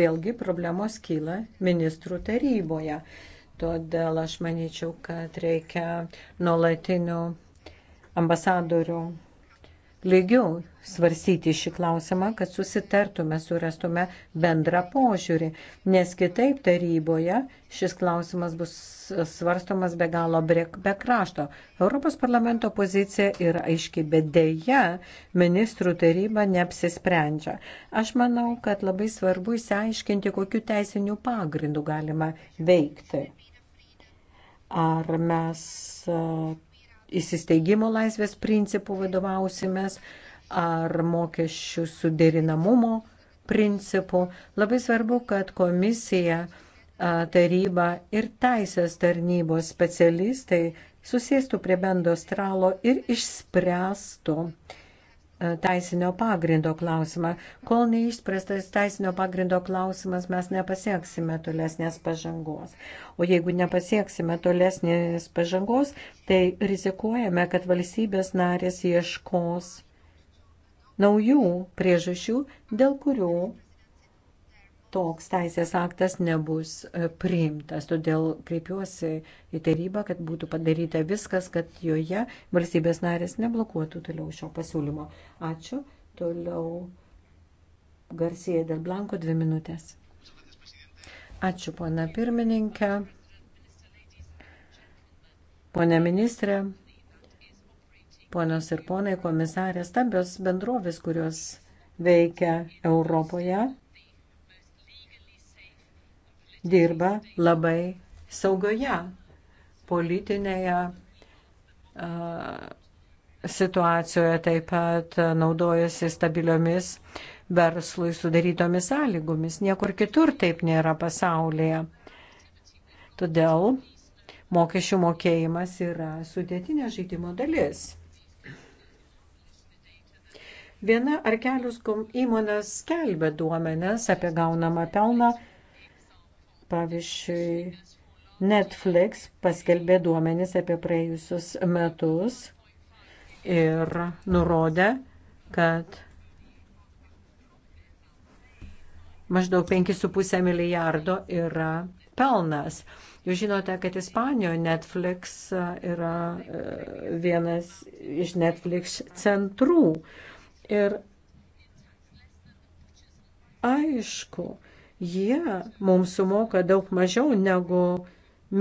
vėlgi problemos kyla ministrų taryboje. Todėl aš manyčiau, kad reikia nuolatinių ambasadorių lygiau svarsyti šį klausimą, kad susitartume, surastume bendrą požiūrį, nes kitaip taryboje šis klausimas bus svarstomas be galo be krašto. Europos parlamento pozicija yra aiški, bet dėja ministrų taryba neapsisprendžia. Aš manau, kad labai svarbu įsiaiškinti, kokiu teisiniu pagrindu galima veikti. Ar mes įsisteigimo laisvės principų vadovausimės, ar mokesčių suderinamumo principų. Labai svarbu, kad komisija, taryba ir teisės tarnybos specialistai susėstų prie bendro stralo ir išspręstų uh, teisinio pagrindo klausimą. Kol neišspręstas teisinio pagrindo klausimas, mes nepasieksime tolesnės pažangos. O jeigu nepasieksime tolesnės pažangos, tai rizikuojame, kad valstybės narės ieškos naujų priežasčių, dėl kurių toks teisės aktas nebus e, priimtas. Todėl kreipiuosi į tarybą, kad būtų padaryta viskas, kad joje valstybės narės neblokuotų toliau šio pasiūlymo. Ačiū. Toliau Garsija dėl Blanko dvi minutės. Ačiū, pana pirmininkė. Pone ministrė, ponios ir ponai komisarės, stambios bendrovės, kurios veikia Europoje, dirba labai saugoje politinėje situacijoje, taip pat naudojasi stabiliomis verslui sudarytomis sąlygomis. Niekur kitur taip nėra pasaulyje. Todėl mokesčių mokėjimas yra sudėtinė žaidimo dalis. Viena ar kelius įmonės skelbia duomenis apie gaunamą pelną Pavyzdžiui, Netflix paskelbė duomenis apie praėjusius metus ir nurodė, kad maždaug 5,5 milijardo yra pelnas. Jūs žinote, kad Ispanijoje Netflix yra e, vienas iš Netflix centrų. Ir aišku, jie mums sumoka daug mažiau negu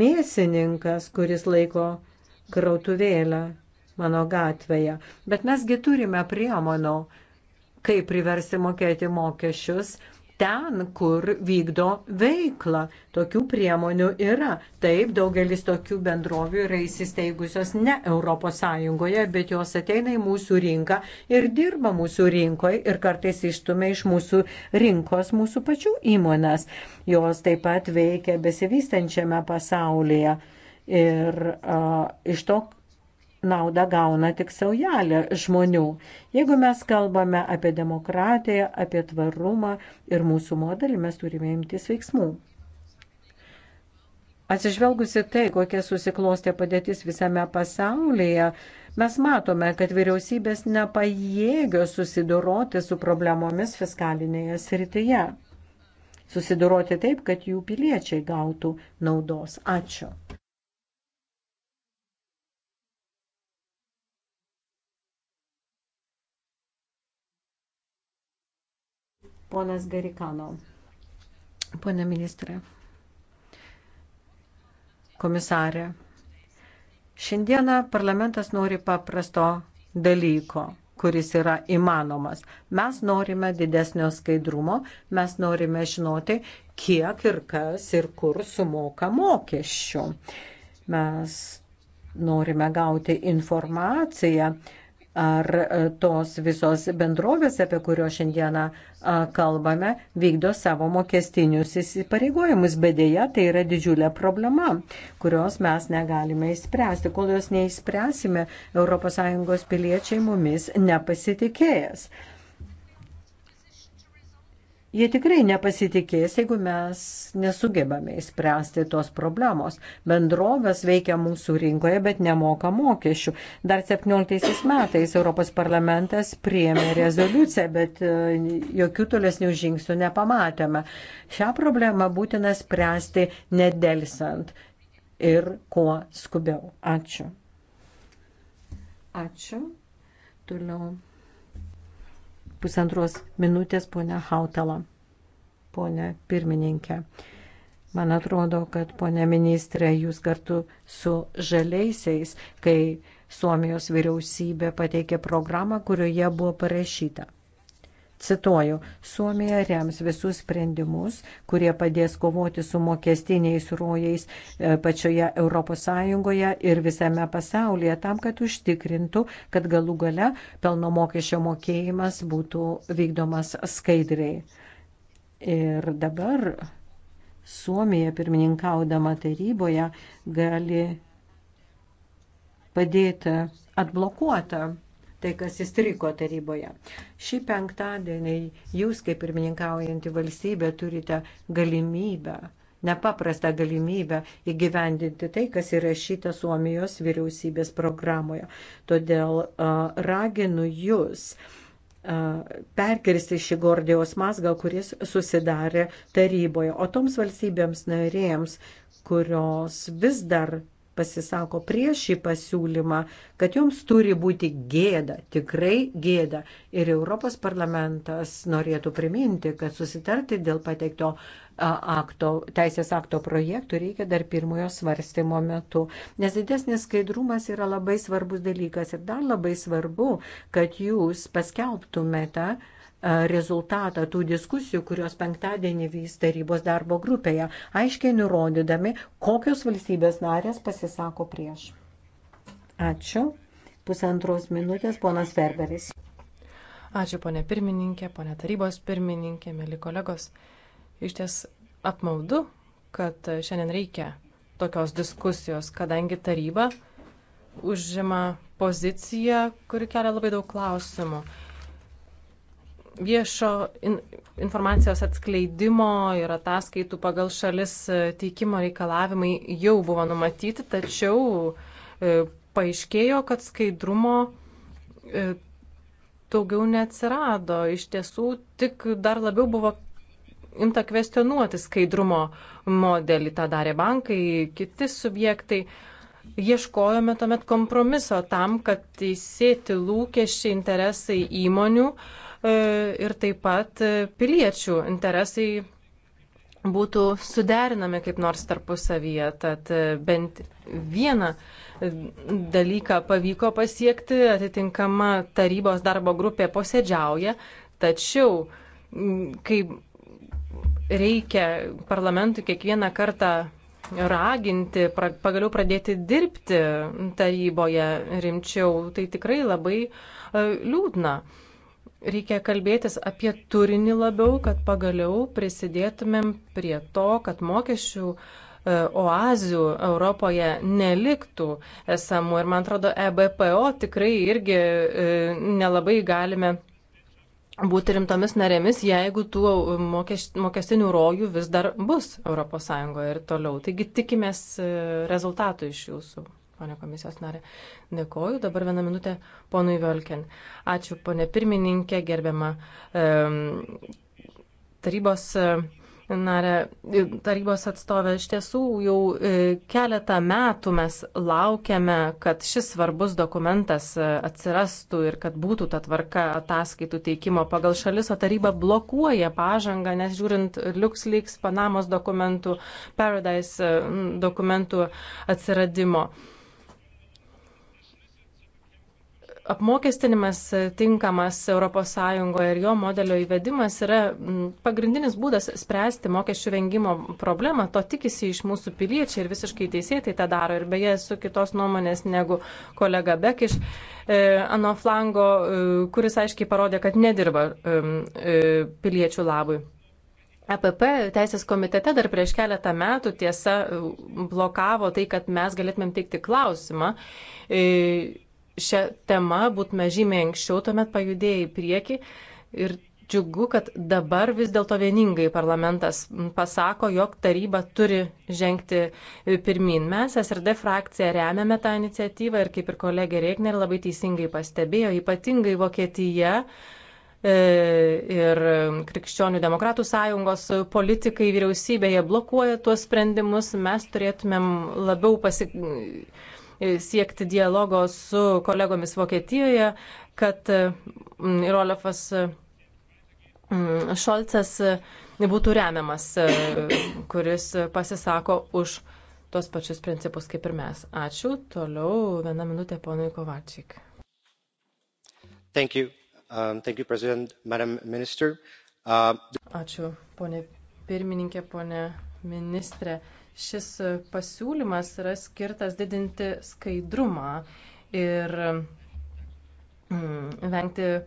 mėsininkas, kuris laiko krautuvėlę mano gatvėje. Bet mesgi turime priemonų, kaip priversti mokėti mokesčius ten, kur vykdo veiklą. Tokių priemonių yra. Taip, daugelis tokių bendrovių yra įsisteigusios ne ES, bet jos ateina į mūsų rinką ir dirba mūsų rinkoje ir kartais ištumia iš mūsų rinkos mūsų pačių įmonės. Jos taip pat veikia besivystančiame pasaulyje. Ir a, iš to naudą gauna tik saujelė žmonių. Jeigu mes kalbame apie demokratiją, apie tvarumą ir mūsų modelį, mes turime imtis veiksmų. Atsižvelgusi tai, kokia susiklostė padėtis visame pasaulyje, mes matome, kad vyriausybės nepajėgio susidoroti su problemomis fiskalinėje srityje. Susidoroti taip, kad jų piliečiai gautų naudos. Ačiū. Ponas Garikano. Pone ministrė. Komisarė. Šiandieną parlamentas nori paprasto dalyko kuris yra įmanomas. Mes norime didesnio skaidrumo, mes norime žinoti, kiek ir kas ir kur sumoka mokesčių. Mes norime gauti informaciją ar e, tos visos bendrovės, apie kurio šiandieną e, kalbame, vykdo savo mokestinius įsipareigojimus. Bedėja, tai yra didžiulė problema, kurios mes negalime įspręsti. Kol jos neįspręsime, ES piliečiai mumis nepasitikėjęs jie tikrai nepasitikės, jeigu mes nesugebame įspręsti tos problemos. Bendrovės veikia mūsų rinkoje, bet nemoka mokesčių. Dar 17 metais Europos parlamentas priėmė rezoliuciją, bet e, jokių tolesnių žingsnių nepamatėme. Šią problemą būtina spręsti nedelsant ir kuo skubiau. Ačiū. Ačiū. Toliau pusantros minutės ponia Hautala, ponia pirmininkė. Man atrodo, kad ponia ministrė, jūs kartu su žaliaisiais, kai Suomijos vyriausybė pateikė programą, kurioje buvo parašyta – Cituoju, Suomija rems visus sprendimus, kurie padės kovoti su mokestiniais rojais e, pačioje ES ir visame pasaulyje, tam, kad užtikrintų, kad galų gale pelno mokesčio mokėjimas būtų vykdomas skaidriai. Ir dabar Suomija pirmininkaudama taryboje gali padėti atblokuotą tai, kas įstriko taryboje. Šį penktadienį jūs, kaip pirmininkaujantį valstybę, turite galimybę, nepaprastą galimybę įgyvendinti tai, kas įrašyta Suomijos vyriausybės programoje. Todėl uh, raginu jūs perkirsti šį Gordijos mazgą, kuris susidarė taryboje. O toms valstybėms narėms, kurios vis dar pasisako prieš šį pasiūlymą, kad joms turi būti gėda, tikrai gėda. Ir Europos parlamentas norėtų priminti, kad susitarti dėl pateikto akto, teisės akto projektų reikia dar pirmojo svarstymo metu. Nes didesnis skaidrumas yra labai svarbus dalykas ir dar labai svarbu, kad jūs paskelbtumėte, E, rezultatą tų diskusijų, kurios penktadienį vyks tarybos darbo grupėje, aiškiai nurodydami, kokios valstybės narės pasisako prieš. Ačiū. Pusantros minutės, ponas Ferberis. Ačiū, ponė pirmininkė, ponė tarybos pirmininkė, mėly kolegos. Iš ties apmaudu, kad šiandien reikia tokios diskusijos, kadangi taryba užima poziciją, kuri kelia labai daug klausimų viešo in, informacijos atskleidimo ir ataskaitų pagal šalis e, teikimo reikalavimai jau buvo numatyti, tačiau e, paaiškėjo, kad skaidrumo e, daugiau neatsirado. Iš tiesų, tik dar labiau buvo imta kvestionuoti skaidrumo modelį. Ta darė bankai, kiti subjektai. E, ieškojome tuomet kompromiso tam, kad teisėti lūkesčiai interesai įmonių e, ir taip pat e, piliečių interesai būtų suderinami kaip nors tarpusavyje. Tad e, bent vieną dalyką pavyko pasiekti, atitinkama tarybos darbo grupė posėdžiauja, tačiau kai reikia parlamentui kiekvieną kartą raginti, pra, pagaliau pradėti dirbti taryboje rimčiau, tai tikrai labai e, liūdna. Reikia kalbėtis apie turinį labiau, kad pagaliau prisidėtumėm prie to, kad mokesčių e, oazių Europoje neliktų esamų. Ir man atrodo, EBPO tikrai irgi e, nelabai galime būti rimtomis narėmis, jeigu tų e, mokestinių rojų vis dar bus ES ir toliau. Taigi tikimės e, rezultatų iš jūsų, ponė komisijos narė. Dėkoju. Dabar vieną minutę ponui Velken. Ačiū, ponė pirmininkė, gerbiama e, tarybos. E, narę, tarybos atstovę. Iš tiesų jau e, keletą metų mes laukiame, kad šis svarbus dokumentas e, atsirastų ir kad būtų ta tvarka ataskaitų teikimo pagal šalis, o taryba blokuoja pažangą, nes žiūrint LuxLeaks, Panamos dokumentų, Paradise dokumentų atsiradimo. apmokestinimas tinkamas ES ir jo modelio įvedimas yra pagrindinis būdas spręsti mokesčių vengimo problemą. To tikisi iš mūsų piliečiai ir visiškai teisėtai tą daro. Ir beje, esu kitos nuomonės negu kolega Bek iš e, ano flango, e, kuris aiškiai parodė, kad nedirba e, e, piliečių labui. EPP teisės komitete dar prieš keletą metų tiesa e, blokavo tai, kad mes galėtumėm teikti klausimą. E, šią temą būtume žymiai anksčiau, tuomet pajudėję į priekį ir džiugu, kad dabar vis dėlto vieningai parlamentas pasako, jog taryba turi žengti pirmin. Mes, SRD frakcija, remiame tą iniciatyvą ir kaip ir kolegė Reikner labai teisingai pastebėjo, ypatingai Vokietija e, ir Krikščionių demokratų sąjungos politikai vyriausybėje blokuoja tuos sprendimus, mes turėtumėm labiau pasi E, siekti dialogo su kolegomis Vokietijoje, kad e, ir Olafas e, Šolcas būtų remiamas, kuris pasisako už tos pačius principus kaip ir mes. Ačiū. Toliau vieną minutę ponui Kovačik. Thank you. Um, thank you, President, Madam Minister. Uh... Ačiū, ponė pirmininkė, ponė ministrė. Uh, Šis pasiūlymas yra skirtas didinti skaidrumą ir mm, vengti e,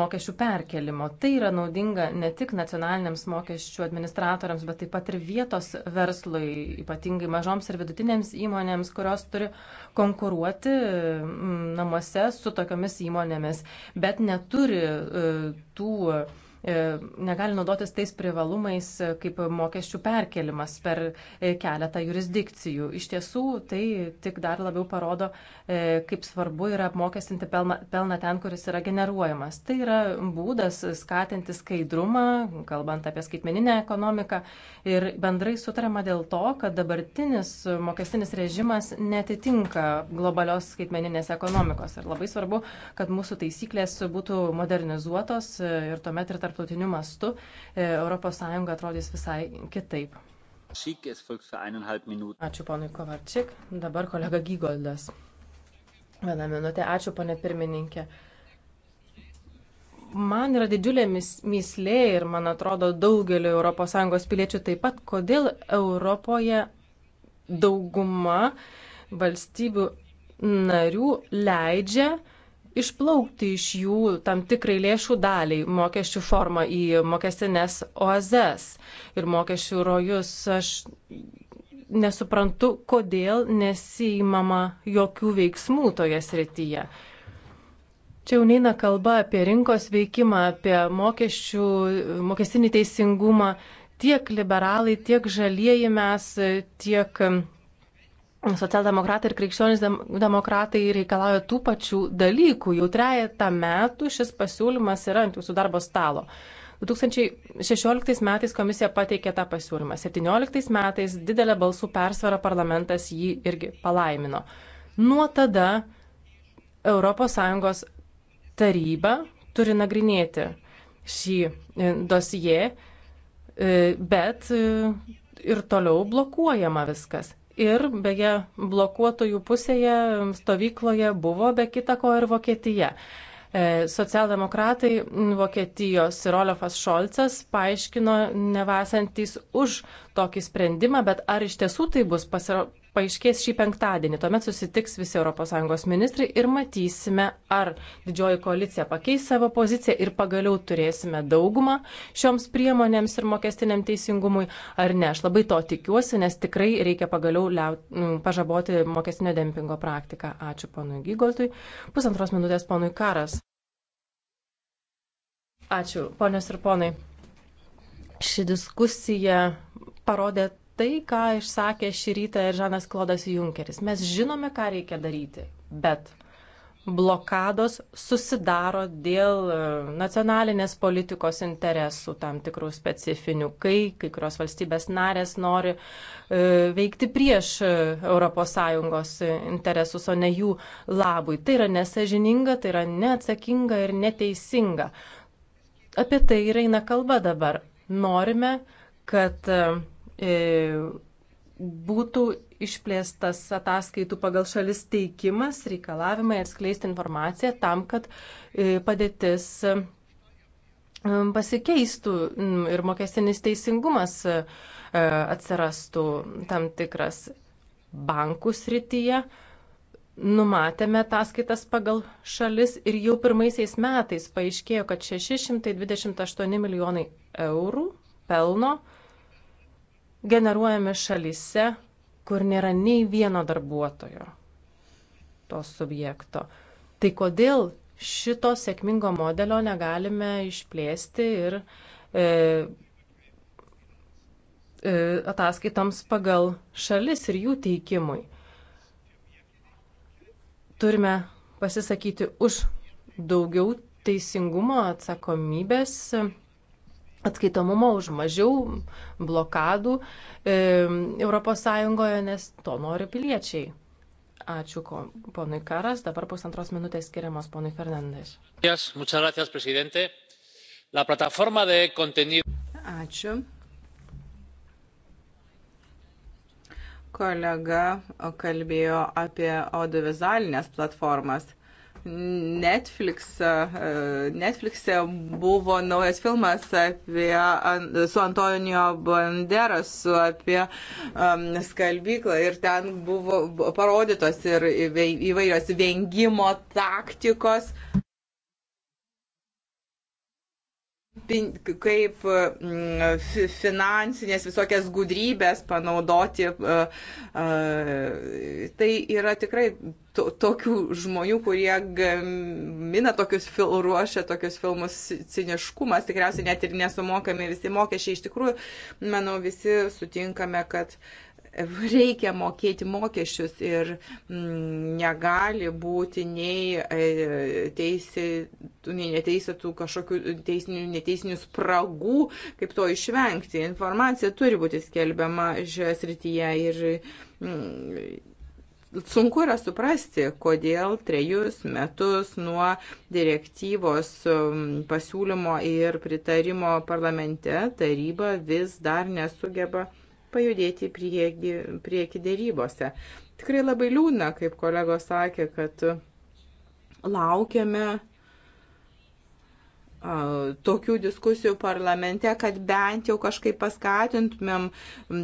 mokesčių perkelimo. Tai yra naudinga ne tik nacionaliniams mokesčių administratoriams, bet taip pat ir vietos verslui, ypatingai mažoms ir vidutinėms įmonėms, kurios turi konkuruoti mm, namuose su tokiamis įmonėmis, bet neturi e, tų E, negali naudotis tais privalumais e, kaip mokesčių perkelimas per e, keletą jurisdikcijų. Iš tiesų, tai tik dar labiau parodo, kaip svarbu yra apmokestinti pelną, pelną ten, kuris yra generuojamas. Tai yra būdas skatinti skaidrumą, kalbant apie skaitmeninę ekonomiką ir bendrai sutarama dėl to, kad dabartinis mokestinis režimas netitinka globalios skaitmeninės ekonomikos. Ir labai svarbu, kad mūsų taisyklės būtų modernizuotos ir tuomet ir tarp tarptautiniu mastu ES atrodys visai kitaip. Ačiū ponui Kovarčik, dabar kolega Gygoldas. Vieną minutę, ačiū ponė pirmininkė. Man yra didžiulė mislė ir man atrodo daugeliu ES piliečių taip pat, kodėl Europoje dauguma valstybių narių leidžia uh, išplaukti iš jų tam tikrai lėšų daliai mokesčių formą į mokestinės oazes ir mokesčių rojus. Aš nesuprantu, kodėl nesijimama jokių veiksmų toje srityje. Čia jau neina kalba apie rinkos veikimą, apie mokesčių, mokestinį teisingumą. Tiek liberalai, tiek žalieji mes, tiek Socialdemokratai ir krikščionys demokratai reikalauja tų pačių dalykų. Jau trejata metų šis pasiūlymas yra ant jūsų darbo stalo. 2016 metais komisija pateikė tą pasiūlymą. 2017 metais didelę balsų persvarą parlamentas jį irgi palaimino. Nuo tada ES taryba turi nagrinėti šį e, dosiją, e, bet e, ir toliau blokuojama viskas. Ir beje, blokuotojų pusėje stovykloje buvo be kita ko ir Vokietija. E, socialdemokratai Vokietijos ir Olafas Šolcas paaiškino nevesantys už tokį sprendimą, bet ar iš tiesų tai bus pasiro paaiškės šį penktadienį. Tuomet susitiks visi ES ministrai ir matysime, ar didžioji koalicija pakeis savo poziciją ir pagaliau turėsime daugumą šioms priemonėms ir mokestiniam teisingumui, ar ne. Aš labai to tikiuosi, nes tikrai reikia pagaliau liaut, nu, pažaboti mokestinio dempingo praktiką. Ačiū ponui Gygoltui. Pusantros minutės ponui Karas. Ačiū, ponios ir ponai. Ši diskusija parodė tai, ką išsakė šį rytą ir Žanas Klodas Junkeris. Mes žinome, ką reikia daryti, bet blokados susidaro dėl e, nacionalinės politikos interesų tam tikrų specifinių, kai kai kurios valstybės narės nori e, veikti prieš ES interesus, o ne jų labui. Tai yra nesažininga, tai yra neatsakinga ir neteisinga. Apie tai ir eina kalba dabar. Norime, kad uh, E, būtų išplėstas ataskaitų pagal šalis teikimas, reikalavimai atskleisti informaciją tam, kad e, padėtis e, pasikeistų ir mokestinis teisingumas atsirastų tam tikras bankų srityje. Numatėme ataskaitas pagal šalis ir jau pirmaisiais metais paaiškėjo, kad 628 milijonai eurų pelno uh, generuojami šalyse, kur nėra nei vieno darbuotojo to subjekto. Tai kodėl šito sėkmingo modelio negalime išplėsti ir e, e, ataskaitoms pagal šalis ir jų teikimui. Turime pasisakyti už daugiau teisingumo atsakomybės atskaitomumo, už mažiau blokadų e, ES, nes to nori piliečiai. Ačiū ko, ponui Karas. Dabar pusantros minutės skiriamos ponui Fernandes. Ačiū. Kolega kalbėjo apie audiovizualinės platformas Netflix'e Netflix buvo naujas filmas apie, su Antonijo Banderasu apie um, skalbyklą ir ten buvo parodytos ir įvairios vengimo taktikos. kaip mm, finansinės visokias gudrybės panaudoti. Uh, uh, tai yra tikrai to, tokių žmonių, kurie gamina tokius filmus, ruošia tokius filmus, ciniškumas, tikriausiai net ir nesumokami visi mokesčiai. Iš tikrųjų, manau, visi sutinkame, kad reikia mokėti mokesčius ir mm, negali būti nei, e, teisėtų, nei neteisėtų kažkokių teisinių, neteisinių spragų, kaip to išvengti. Informacija turi būti skelbiama šioje srityje ir mm, Sunku yra suprasti, kodėl trejus metus nuo direktyvos um, pasiūlymo ir pritarimo parlamente taryba vis dar nesugeba pajudėti prieki, prieki dėrybose. Tikrai labai liūdna, kaip kolegos sakė, kad laukiame tokių diskusijų parlamente, kad bent jau kažkaip paskatintumėm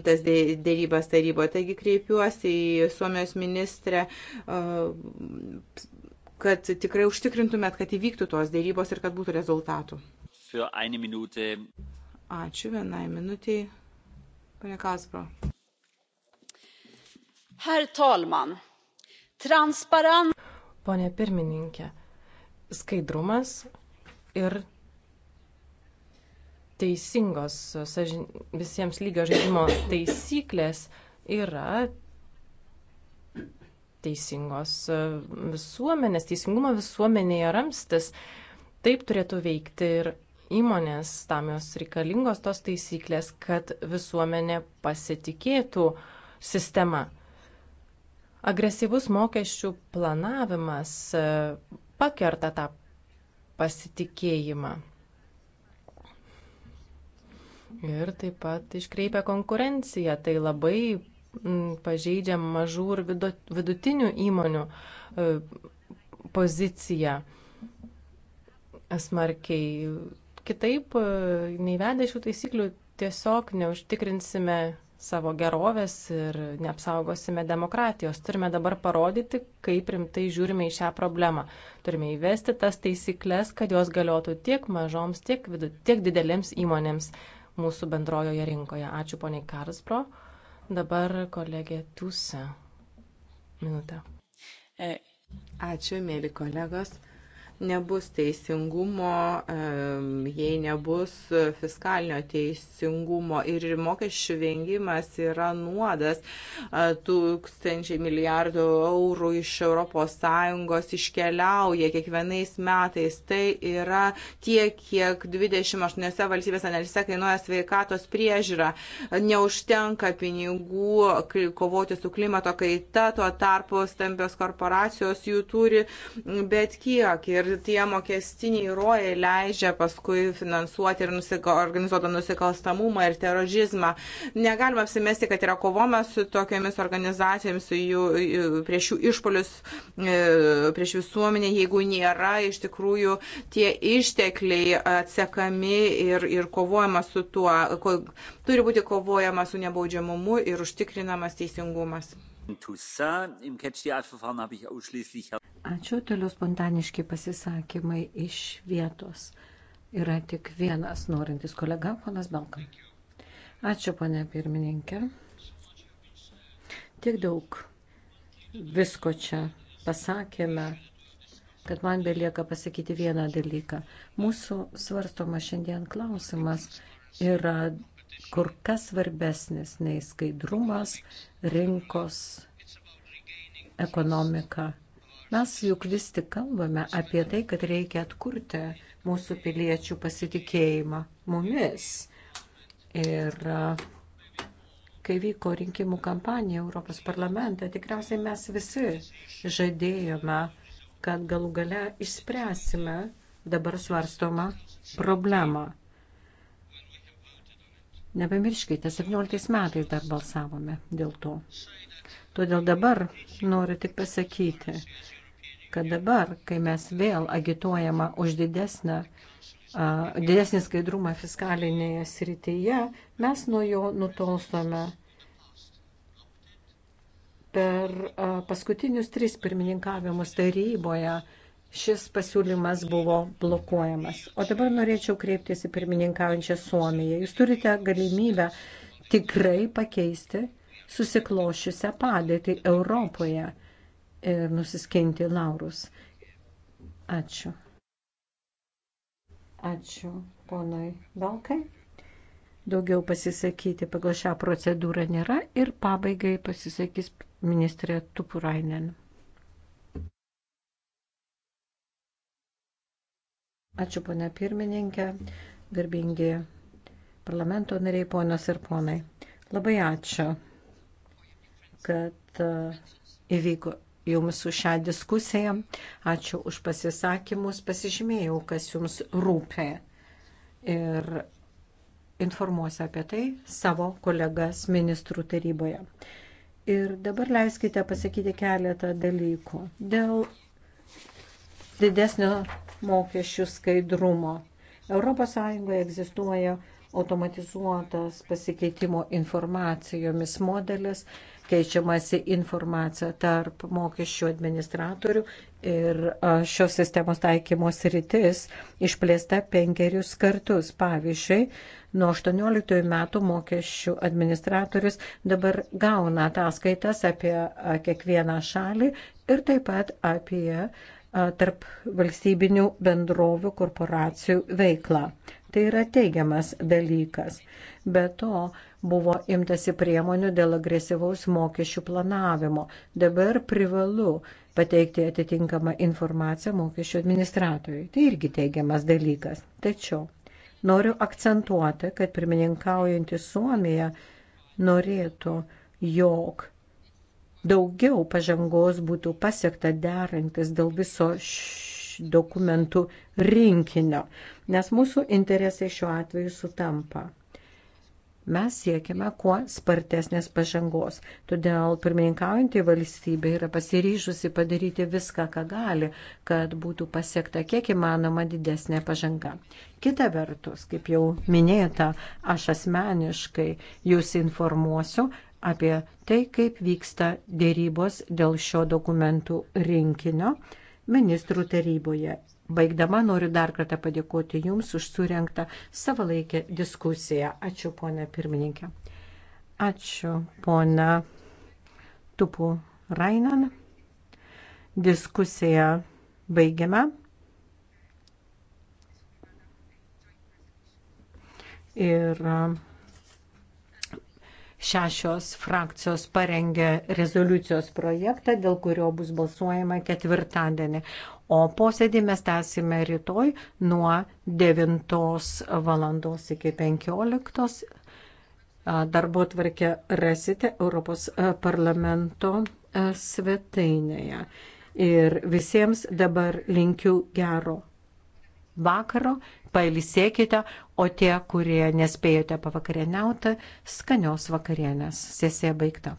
tas dėrybas taryboje. Taigi kreipiuosi į Suomijos ministrę, kad tikrai užtikrintumėt, kad įvyktų tos dėrybos ir kad būtų rezultatų. Ačiū vienai minutiai. Pane Kaspro. Herr talman, transparent. Pone pirmininkė, skaidrumas ir teisingos sažin, visiems lygio žaidimo taisyklės yra teisingos e, visuomenės, teisingumo visuomenėje ramstis. Taip turėtų veikti ir įmonės, tam jos reikalingos tos taisyklės, kad visuomenė pasitikėtų sistema. Agresyvus mokesčių planavimas e, pakerta tą pasitikėjimą. Ir taip pat iškreipia konkurenciją. Tai labai mm, pažeidžia mažų ir vidutinių įmonių e, poziciją smarkiai. Kitaip, e, neįvedę šių taisyklių, tiesiog neužtikrinsime savo gerovės ir neapsaugosime demokratijos. Turime dabar parodyti, kaip rimtai žiūrime į šią problemą. Turime įvesti tas taisyklės, kad jos galiotų tiek mažoms, tiek, vidu, tiek didelėms įmonėms mūsų bendrojoje rinkoje. Ačiū poniai Karsbro. Dabar kolegė Tuse. Minutė. Ačiū, mėly kolegos nebus teisingumo, jei nebus fiskalinio teisingumo. Ir mokesčių vengimas yra nuodas tūkstančiai milijardų eurų iš ES iškeliauja kiekvienais metais. Tai yra tiek, kiek 28 valstybės analise kainuoja sveikatos priežiūra. Neužtenka pinigų kovoti su klimato kaita, tuo tarpu stambios korporacijos jų turi bet kiek. Ir ir tie mokestiniai rojai leidžia paskui finansuoti ir nusika, organizuotą nusikalstamumą ir terorizmą. Negalima apsimesti, kad yra kovoma su tokiamis organizacijomis, su jų, prieš jų išpolius, e, prieš visuomenę, jeigu nėra iš tikrųjų tie ištekliai atsekami ir, ir kovojama su tuo, ko, turi būti kovojama su nebaudžiamumu ir užtikrinamas teisingumas. Ačiū, toliau spontaniški pasisakymai iš vietos. Yra tik vienas norintis kolega, ponas Belka. Ačiū, ponė pirmininkė. Tiek daug visko čia pasakėme, kad man belieka pasakyti vieną dalyką. Mūsų svarstomas šiandien klausimas yra kur kas svarbesnis nei skaidrumas, rinkos, ekonomika. Mes juk vis tik kalbame apie tai, kad reikia atkurti mūsų piliečių pasitikėjimą mumis. Ir e, kai vyko rinkimų kampanija Europos parlamente, tikriausiai mes visi žadėjome, kad galų gale išspręsime dabar svarstomą problemą. Nepamirškite, 17 metais dar balsavome dėl to. Todėl dabar noriu tik pasakyti, kad dabar, kai mes vėl agituojama už didesnę didesnį skaidrumą fiskalinėje srityje, mes nuo jo nutolstame per paskutinius tris pirmininkavimus taryboje šis pasiūlymas buvo blokuojamas. O dabar norėčiau kreiptis į pirmininkaujančią Suomiją. Jūs turite galimybę tikrai pakeisti susiklošiusią padėtį Europoje ir nusiskinti laurus. Ačiū. Ačiū ponui Balkai. Daugiau pasisakyti pagal šią procedūrą nėra ir pabaigai pasisakys ministrė Tupurainen. Ačiū, ponia pirmininkė, garbingi parlamento nariai, ponios ir ponai. Labai ačiū, kad e, įvyko jums už šią diskusiją. Ačiū už pasisakymus. Pasižymėjau, kas jums rūpė. Ir informuosiu apie tai savo kolegas ministrų taryboje. Ir dabar leiskite pasakyti keletą dalykų. Dėl didesnio mokesčių skaidrumo. ES egzistuoja automatizuotas pasikeitimo informacijomis modelis, keičiamasi informacija tarp mokesčių administratorių ir šios sistemos taikymos rytis išplėsta penkerius kartus. Pavyzdžiui, nuo 18 metų mokesčių administratorius dabar gauna ataskaitas apie kiekvieną šalį ir taip pat apie tarp valstybinių bendrovių korporacijų veiklą. Tai yra teigiamas dalykas. Be to buvo imtasi priemonių dėl agresyvaus mokesčių planavimo. Dabar privalu pateikti atitinkamą informaciją mokesčių administratoriui. Tai irgi teigiamas dalykas. Tačiau noriu akcentuoti, kad pirmininkaujantį Suomiją norėtų, jog daugiau pažangos būtų pasiekta derantis dėl viso dokumentų rinkinio, nes mūsų interesai šiuo atveju sutampa. Mes siekiame kuo spartesnės pažangos, todėl pirmininkaujantį valstybę yra pasiryžusi padaryti viską, ką gali, kad būtų pasiekta kiek įmanoma didesnė pažanga. Kita vertus, kaip jau minėta, aš asmeniškai jūs informuosiu apie tai, kaip vyksta dėrybos dėl šio dokumentų rinkinio ministrų taryboje. Baigdama noriu dar kartą padėkoti Jums už surinktą savalaikę diskusiją. Ačiū, ponė pirmininkė. Ačiū, ponė Tupu Rainan. Diskusiją baigiame. Ir šešios frakcijos parengė rezoliucijos projektą, dėl kurio bus balsuojama ketvirtadienį. O posėdį mes tęsime rytoj nuo 9 val. iki 15. Darbo tvarkę rasite Europos e, parlamento e, svetainėje. Ir visiems dabar linkiu gero vakaro pailsėkite, o tie, kurie nespėjote pavakarieniauti, skanios vakarienės. Sesija baigta.